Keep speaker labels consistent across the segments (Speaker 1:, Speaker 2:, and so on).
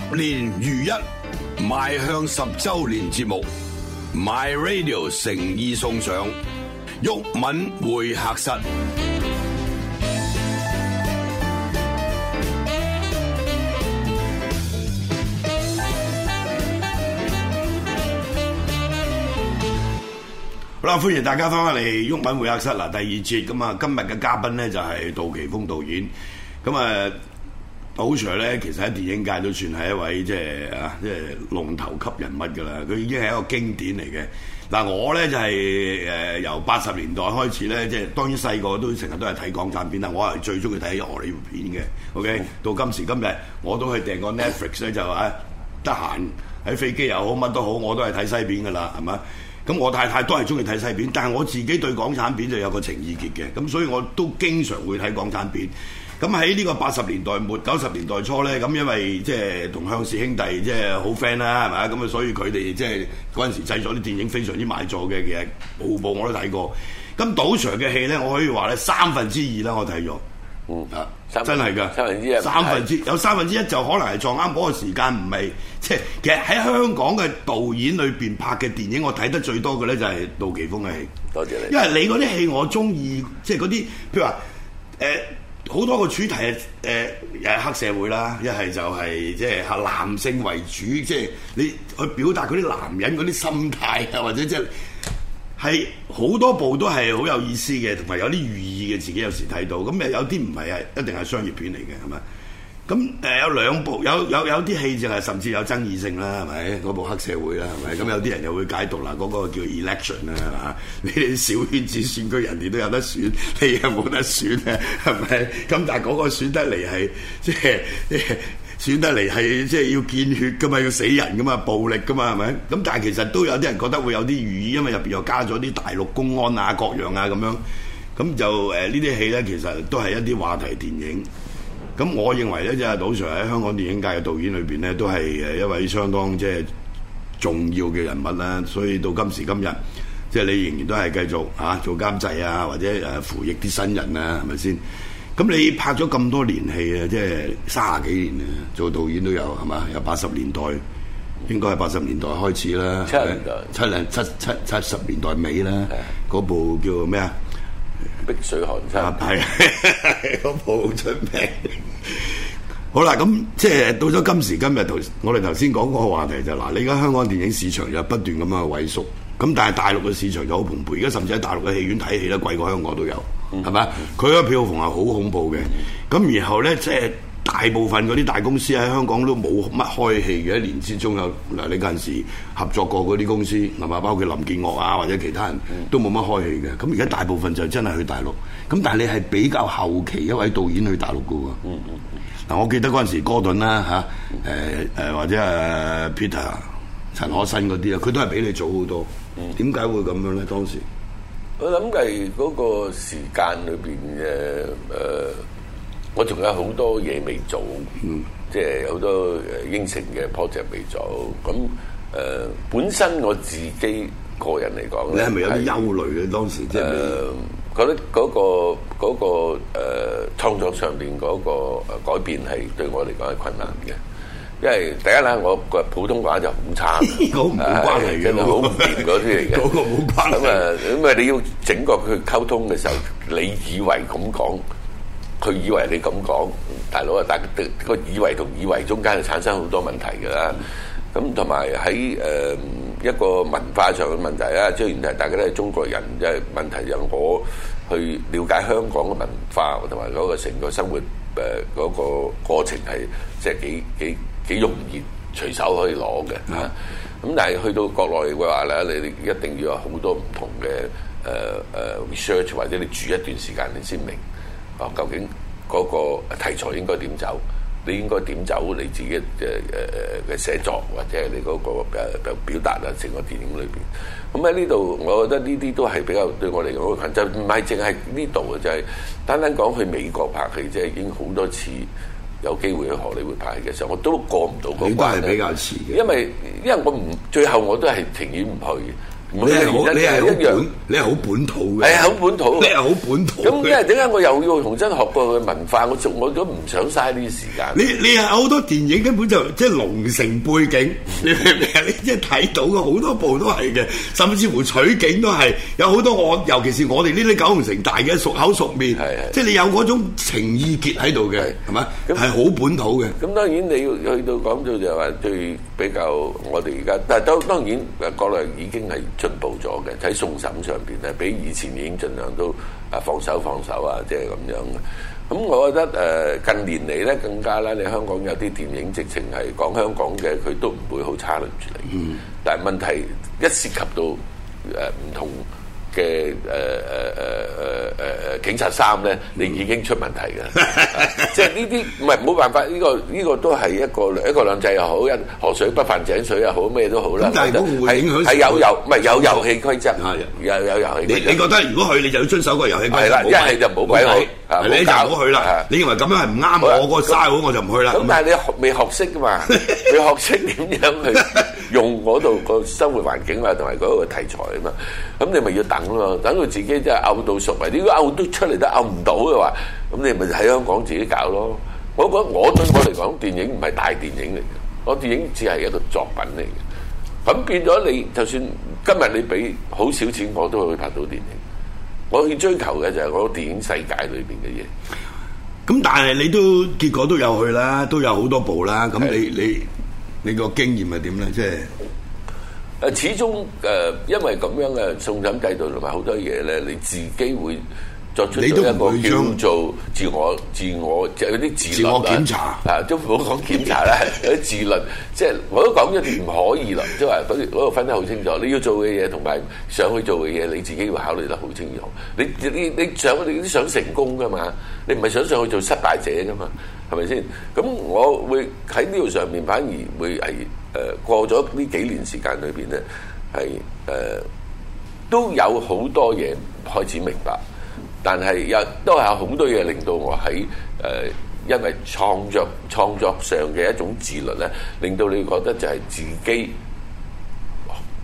Speaker 1: 十年如一，邁向十周年節目，My Radio 誠意送上毓民會客室。好啦，歡迎大家翻返嚟毓民會客室。嗱，第二節咁啊，今日嘅嘉賓咧就係杜琪峰導演。咁啊。杜 Sir 咧，其實喺電影界都算係一位即係啊，即係龍頭級人物㗎啦。佢已經係一個經典嚟嘅。嗱，我咧就係誒由八十年代開始咧，即係當然細個都成日都係睇港產片啦。我係最中意睇荷里活片嘅。OK，到今時今日，我都去訂個 Netflix 咧，就話啊，得閒喺飛機又好，乜都好，我都係睇西片㗎啦，係咪？咁我太太都係中意睇西片，但係我自己對港產片就有個情意結嘅，咁所以我都經常會睇港產片。咁喺呢個八十年代末九十年代初呢，咁因為即係同向氏兄弟即係好 friend 啦，係咪？咁啊，所以佢哋即係嗰陣時製作啲電影非常之賣座嘅，其實部部我都睇過。咁賭場嘅戲呢，我可以話呢三分之二啦，我睇咗。嗯，真係㗎，三分之二，嗯、三分之有三分之一就可能係撞啱嗰個時間唔係，唔係即係其實喺香港嘅導演裏邊拍嘅電影，我睇得最多嘅呢就係杜琪峯嘅戲。多謝你，因為你嗰啲戲我中意，即係嗰啲譬如話誒。呃好多個主題係誒，一、呃、係黑社會啦，一係就係即係係男性為主，即係你去表達嗰啲男人嗰啲心態，或者即係係好多部都係好有意思嘅，同埋有啲寓意嘅。自己有時睇到咁誒，有啲唔係係一定係商業片嚟嘅係嘛。咁誒有兩部有有有啲戲就係甚至有爭議性啦，係咪嗰部黑社會啦，係咪咁有啲人又會解讀嗱，嗰、嗰個叫 election 啊，係嘛？你哋小圈子選舉，人哋都有得選，你又冇得選啊，係咪？咁但係嗰個選得嚟係即係選得嚟係即係要見血噶嘛，要死人噶嘛，暴力噶嘛，係咪？咁但係其實都有啲人覺得會有啲寓意，因為入邊又加咗啲大陸公安啊、各樣啊咁樣，咁就誒、呃、呢啲戲咧，其實都係一啲話題電影。咁我認為咧，杜 Sir 喺香港電影界嘅導演裏邊咧，都係誒一位相當即係重要嘅人物啦。所以到今時今日，即係你仍然都係繼續嚇、啊、做監製啊，或者誒扶翼啲新人啊，係咪先？咁你拍咗咁多年戲啊，即係卅幾年啊，做導演都有係嘛？有八十年代應該係八十年代開始啦，七零七零七七七十年代尾啦，嗰部叫咩啊？碧水寒山，係我冇準備。 好啦，咁即係到咗今時今日，頭我哋頭先講個話題就嗱、係，你而家香港電影市場又不斷咁樣萎縮，咁但係大陸嘅市場就好蓬勃，而家甚至喺大陸嘅戲院睇戲咧，貴過香港都有，係咪啊？佢個票房係好恐怖嘅，咁、嗯、然後咧即係。就是大部分嗰啲大公司喺香港都冇乜開戲嘅，一年之中有嗱，你陣時合作過嗰啲公司，係咪？包括林建岳啊，或者其他人都冇乜開戲嘅。咁而家大部分就真係去大陸，咁但係你係比較後期一位導演去大陸噶喎。嗱、嗯，嗯、我記得嗰陣時哥頓啦吓，誒誒、啊、或者係 Peter、陳可辛嗰啲啊，佢都係比你早好多。點解會咁樣咧？當時
Speaker 2: 我諗計嗰個時間裏邊嘅誒。呃我仲有好多嘢未做，嗯、即係有好多應承嘅 project 未做。咁誒、呃，本身我自己個人嚟講你係咪有啲憂
Speaker 1: 慮咧？當時即係、呃、
Speaker 2: 覺得嗰、個嗰、個、呃、創作上面嗰個改變係對我嚟講係困難嘅，嗯、因為第一啦我個普通話就好差，
Speaker 1: 好唔 關係嘅，好唔掂嗰啲嚟嘅，咁
Speaker 2: 啊，因為你要整個佢溝通嘅時候， 你以為咁講。佢以為你咁講，大佬啊，大家個以為同以為中間就產生好多問題㗎啦。咁同埋喺誒一個文化上嘅問題啊，即係原來，大家都係中國人，即係問題就我去了解香港嘅文化同埋嗰個成個生活誒嗰個過程係即係幾幾幾容易隨手可以攞嘅啊。咁但係去到國內嘅話咧，你哋一定要有好多唔同嘅誒誒 research，或者你住一段時間你先明。究竟嗰個題材應該點走？你應該點走你自己嘅嘅嘅寫作，或者係你嗰個表達啊，成個電影裏邊。咁喺呢度，我覺得呢啲都係比較對我嚟講，就唔係淨係呢度嘅，就係單單講去美國拍戲，即係已經好多次有機會去荷里活拍戲嘅時候，我都過唔到嗰關。你比較遲嘅，因為因為我唔最後我都係情願唔去。的你係好，你係一樣，
Speaker 1: 你係好本土嘅。係好本土，你係好本土。
Speaker 2: 咁即係點解我又要重新學過佢文化？我仲我都唔想嘥呢啲時間。你
Speaker 1: 你係好多電影根本就即係龍城背景，你明唔明啊？即係睇到嘅好多部都係嘅，甚至乎取景都係有好多我，尤其是我哋呢啲九龍城大嘅熟口熟面，係即係你有嗰種情意結喺度嘅，係嘛？係好本土嘅。
Speaker 2: 咁當然你去到講到就係話對比較我哋而家，但係都當然誒國內已經係。進步咗嘅喺送審上邊咧，比以前已經盡量都啊放手放手啊，即係咁樣嘅。咁我覺得誒、呃、近年嚟咧更加啦，你香港有啲電影直情係講香港嘅，佢都唔會好差㗎。嗯，但係問題一涉及到誒唔、呃、同，嘅誒誒誒警察衫咧，你已經出問題㗎，嗯啊、即係呢啲唔係冇辦法，呢、這個呢、這個都係一個一個兩制又好，一河水不犯井水又好，咩都好啦。但係都
Speaker 1: 會影響係有遊唔係有遊戲規則，係有遊戲,規則有有遊戲規則你你覺得如果佢，你就要遵守個遊戲規則，一係就冇鬼。你就唔好去啦！是的你認為咁樣係唔啱，的我個沙壺我就唔去啦。咁但係你沒學未學識嘛？你 未學識點樣去用嗰度個
Speaker 2: 生活環境啊，同埋嗰個題材啊嘛？咁你咪要等咯，等佢自己真係漚到熟埋。如果漚都出嚟都漚唔到嘅話，咁你咪喺香港自己搞咯。我覺得我對我嚟講，電影唔係大電影嚟嘅，我電影只係一個作品嚟嘅。咁變咗你，就算今日你俾好少錢，我都會去拍到電影。我要追求嘅就係我的電影世界裏邊嘅嘢，
Speaker 1: 咁但係你都結果都有去啦，都有好多部啦。咁你是的 你你個經驗係點咧？即係誒，
Speaker 2: 始終誒，呃，因為咁樣嘅送審制度同埋好多嘢咧，你自己會。你作出咗一個叫做自我、自我即係嗰啲自我檢查，啊都冇講檢查啦，嗰啲、啊、自律，即、就、係、是、我都講咗啲唔可以啦，即係話嗰度分得好清楚。你要做嘅嘢同埋上去做嘅嘢，你自己要考慮得好清楚。你你你想你想成功噶嘛，你唔係想上去做失敗者噶嘛？係咪先？咁我會喺呢度上面反而會係誒，過咗呢幾年時間裏邊咧，係，誒，都有好多嘢開始明白。但係又都係有好多嘢令到我喺誒、呃，因為創作創作上嘅一種自律咧，令到你覺得就係自己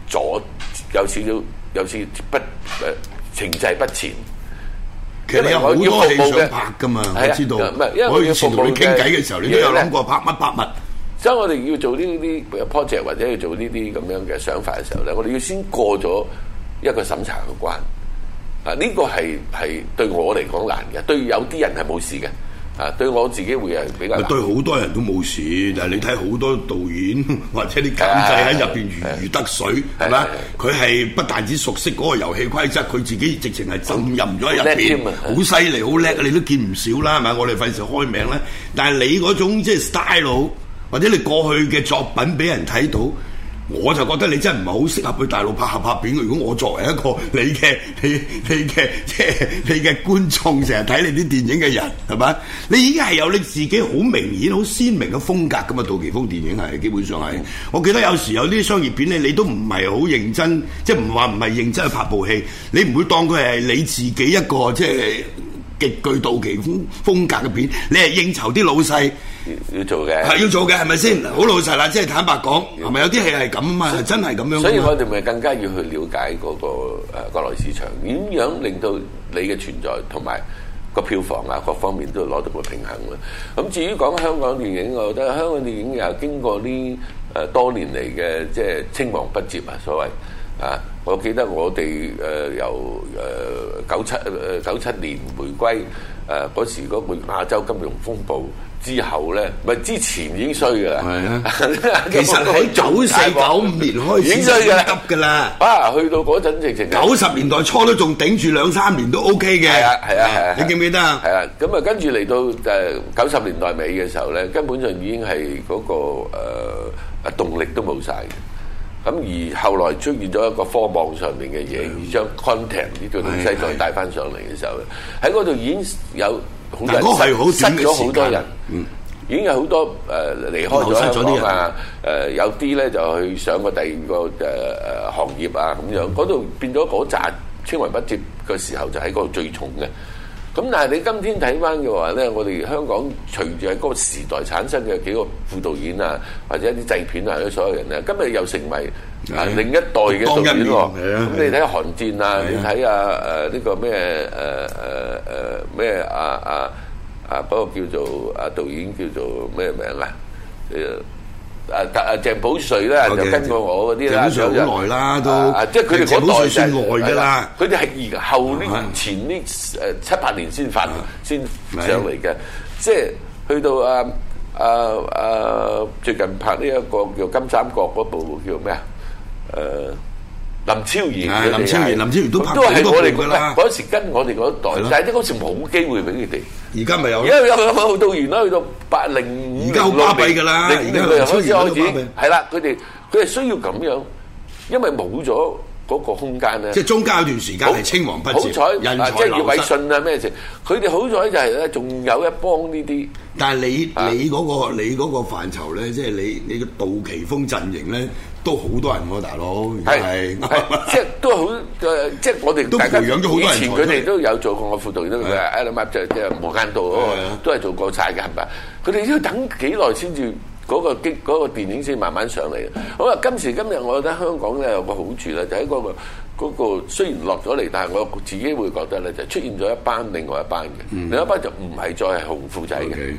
Speaker 2: 咗有少少有少不誒、呃、停滯不前。
Speaker 1: 其實你有好多戲的想拍㗎嘛，我知道。唔係，因為我以前同你傾偈嘅時候，的你都有諗過
Speaker 2: 拍乜拍乜。拍乜，所以我哋要做呢啲 project 或者要做呢啲咁樣嘅想法嘅時候咧，我哋要先過咗一個審查嘅關。啊！呢個係係對我嚟講難嘅，對有啲人係冇事嘅。啊，對我自己會係比較難，對好
Speaker 1: 多人都冇事。但係你睇好多導演或者啲監製喺入邊如魚得水，係咪、啊？佢係吧、啊啊啊、不但止熟悉嗰個遊戲規則，佢自己直情係浸入淫咗喺入邊，好犀利，好叻，你都見唔少啦，係咪？我哋費事開名咧。但係你嗰種即係 style 或者你過去嘅作品俾人睇到。我就覺得你真係唔係好適合去大陸拍合拍片嘅。如果我作為一個你嘅你你嘅即係你嘅觀眾，成日睇你啲電影嘅人，係咪？你已經係有你自己好明顯、好鮮明嘅風格㗎嘛？杜琪峯電影係基本上係，我記得有時有啲商業片咧，你都唔係好認真，即係唔話唔係認真去拍部戲，你唔會當佢係你自己一個即係。就是極具杜琪峯風格嘅片，你係應酬啲老細要，要做嘅，係要做嘅，係咪先？好的老實啦，即係坦白講，係咪的有啲戲係咁啊？以真係咁樣。所以我哋
Speaker 2: 咪更加要去了解嗰、那個誒、啊、國內市場，點樣令到你嘅存在同埋個票房啊，各方面都攞到個平衡咯。咁至於講香港電影，我覺得香港電影又經過呢誒多年嚟嘅，即係青黃不接啊，所謂啊，我記得我哋誒由誒。呃呃呃九七、呃、九七年回歸，誒、呃、嗰時嗰個亞洲金融風暴之後咧，唔之前已經衰嘅，啊、 其實喺九四、， 嗯、四九
Speaker 1: 五年開始已經衰嘅啦。啊，去到嗰陣直情九十年代初都仲頂住兩三年都 OK
Speaker 2: 嘅，係啊係啊，啊，啊，啊你記唔記得啊？係啊，咁啊跟住嚟到誒九十年代尾嘅時候咧，根本上已經係嗰、嗰個誒、呃、動力都冇曬。咁而後來出現咗一個科網上面嘅嘢，而將 content 呢個東西的再帶翻上嚟嘅時候，喺嗰度已經有好多人失咗好多人，嗯，已經有好多誒離開咗香港啊，有啲咧就去上個第二個行業啊咁樣，嗰度變咗嗰扎青黃不接嘅時候，就喺嗰度最重嘅。咁但係你今天睇返嘅話咧，我哋香港隨住喺嗰個時代產生嘅幾個副導演啊，或者一啲製片啊，啲所有人啊，今日又成為啊另一代嘅導演咯。咁你睇《寒戰》啊，你睇啊誒呢個咩誒誒誒咩啊啊啊嗰個叫做啊導演叫做咩名啊誒？啊，特、啊、誒鄭保瑞咧 Okay, 就跟過我嗰啲咧，上上來啦，就啊、都誒，即係佢哋嗰代先來嘅啦。佢哋係後呢、啊、前呢誒七八年先發，先、啊、上嚟嘅，啊、即係去到啊啊啊！最近拍呢一個叫《金三角》嗰部叫咩啊？誒。林超賢，林超賢，林超賢都拍，都係我哋嗰，嗰時跟我哋嗰代，但係即係好似冇機會俾佢哋，而家咪有，而家有有有導演啦，去到八零五而家好巴閉㗎啦，而家佢出現都係啦，佢哋佢係需要咁樣，因為冇咗嗰個空間咧，即係中間段時間係青黃不接，人才流失。即係葉偉信
Speaker 1: 啊咩事？佢哋好彩就係咧，仲有一幫呢啲。但係你你嗰個你嗰個範疇咧，即係你你嘅杜琪峯陣營咧。都好多人喎，大佬，係， 即係
Speaker 2: 都好，即係我哋都培養咗好多人。以前佢哋出來 都有做過我輔導，的都係。i l l u m 即係無間道，都係做過晒嘅，係咪？佢哋要等幾耐先至嗰個激電影先慢慢上嚟。好喇，今時今日，我覺得香港咧有個好處咧，就喺、是、嗰、那個嗰、那個雖然落咗嚟，但係我自己會覺得咧，就是、出現咗一班另外一班嘅，嗯、另一班就唔係再係紅褲仔嘅。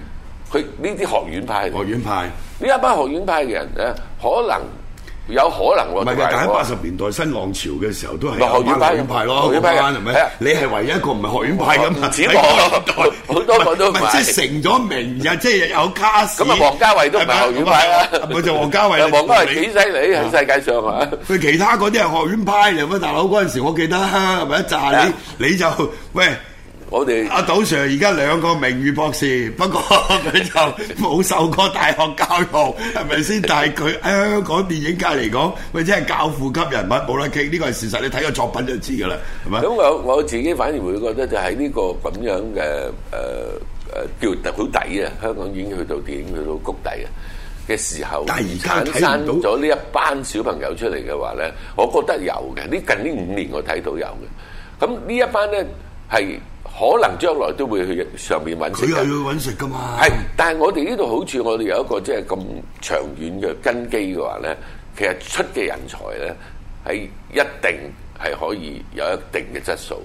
Speaker 2: 佢呢啲學院派，學院派呢一班學院派嘅人咧，可能。有可能喎，唔係㗎，但係喺八
Speaker 1: 十年代新浪潮嘅時候都係學院派咯，關係唔係？你係唯一一個唔係學院派嘅嘛？好多我都唔係即係成咗名啊！即係有卡咁啊，王家衞都唔係學院派啊！咪就王家衞啦，王家衞幾犀利喺世界上啊！佢其他嗰啲係學院派嚟，乜大佬嗰陣時我記得，咪一紮你你就喂。我哋阿杜 Sir 而家兩個名譽博士，不過佢就冇受過大學教育，係咪先？但係佢喺香港電影界嚟講，或者係教父級人物，冇得傾。呢、呢個係事實，你睇個作品就知㗎啦，係咪？咁我我自己反而會覺得就係呢呢，就
Speaker 2: 喺呢個咁樣嘅誒誒叫好底啊！香港已經去到電影去到谷底嘅時候，但係而家睇到咗呢一班小朋友出嚟嘅話咧，我覺得有嘅。呢近呢五年我睇到有嘅，咁呢一班咧。係可能將來都會去上面揾食，佢又
Speaker 1: 要揾食噶嘛？
Speaker 2: 係，但係我哋呢度好處，我哋有一個即係咁長遠嘅根基嘅話咧，其實出嘅人才咧，係一定係可以有一定嘅質素。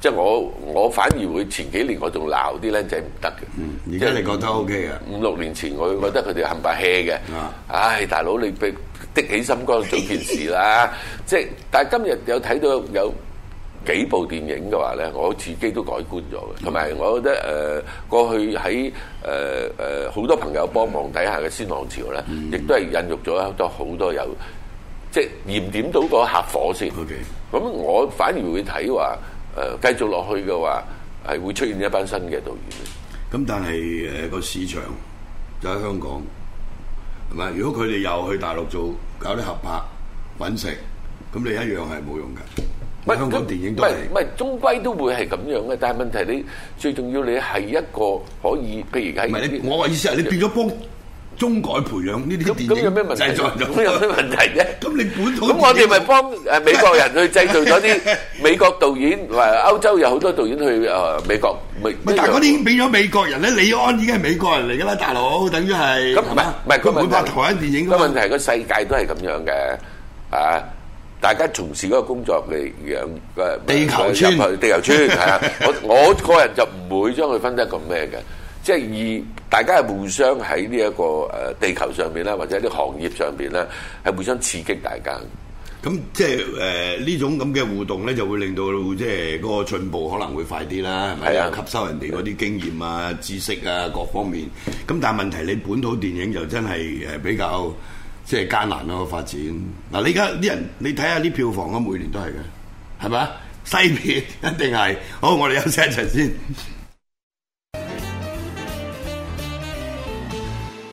Speaker 2: 即係我我反而會前幾年我仲鬧啲僆仔唔得嘅，而家你覺得 OK 嘅。五六年前我覺得佢哋冚唪唥 hea 嘅，唉大佬你俾啲起心肝做件事啦！即係但係今日有睇到有。幾部電影嘅話咧，我自己都改觀咗嘅，同埋、嗯、我覺得誒、呃、過去喺好、呃、多朋友幫忙底下嘅《仙浪潮》咧、嗯，亦都係孕育咗好多有即係燃點到個客火先。咁 Okay. 我反而會睇話誒繼續落去嘅話，
Speaker 1: 係會出現一班新嘅導演。咁但係誒、個市場就喺香港，係咪？如果佢哋又去大陸做搞啲合拍搵食，咁你一樣係冇用㗎。唔係香港電影都唔係，唔係終歸
Speaker 2: 都會係咁樣嘅。但係問題你最重要，你係一個可以，譬如係唔係呢啲？我嘅意思係你
Speaker 1: 變咗幫中改培養呢啲電影製作咗，咁有咩問題啫。
Speaker 2: 咁你本土咁我哋咪幫誒美國人去製造嗰啲美國導演，或歐洲有好多導演去誒美國。咪但係嗰
Speaker 1: 啲已經俾咗美國人咧，李安已經係美國人嚟㗎啦，大佬，等於
Speaker 2: 係咁係咪唔係佢唔係拍台灣電影。個問題係個世界都係咁樣嘅啊！大家從事嗰個工作嚟嘅地球村，去地球村係啊， 我我個人就唔會將佢分得咁咩嘅，即係以大家係互相喺呢一個誒地球上邊啦，或者啲行業上面啦，係互相刺激大家。
Speaker 1: 咁即係呃、呢種咁嘅互動咧，就會令到即係嗰個進步可能會快啲啦，係咪啊？吸收人哋嗰啲經驗啊、知識啊各方面。咁但係問題，你本土電影就真係誒比較。即係艱難咯、啊、發展嗱，你而家啲人你睇下啲票房啊，每年都係嘅，係咪啊？西片一定係好，我哋休息一陣先。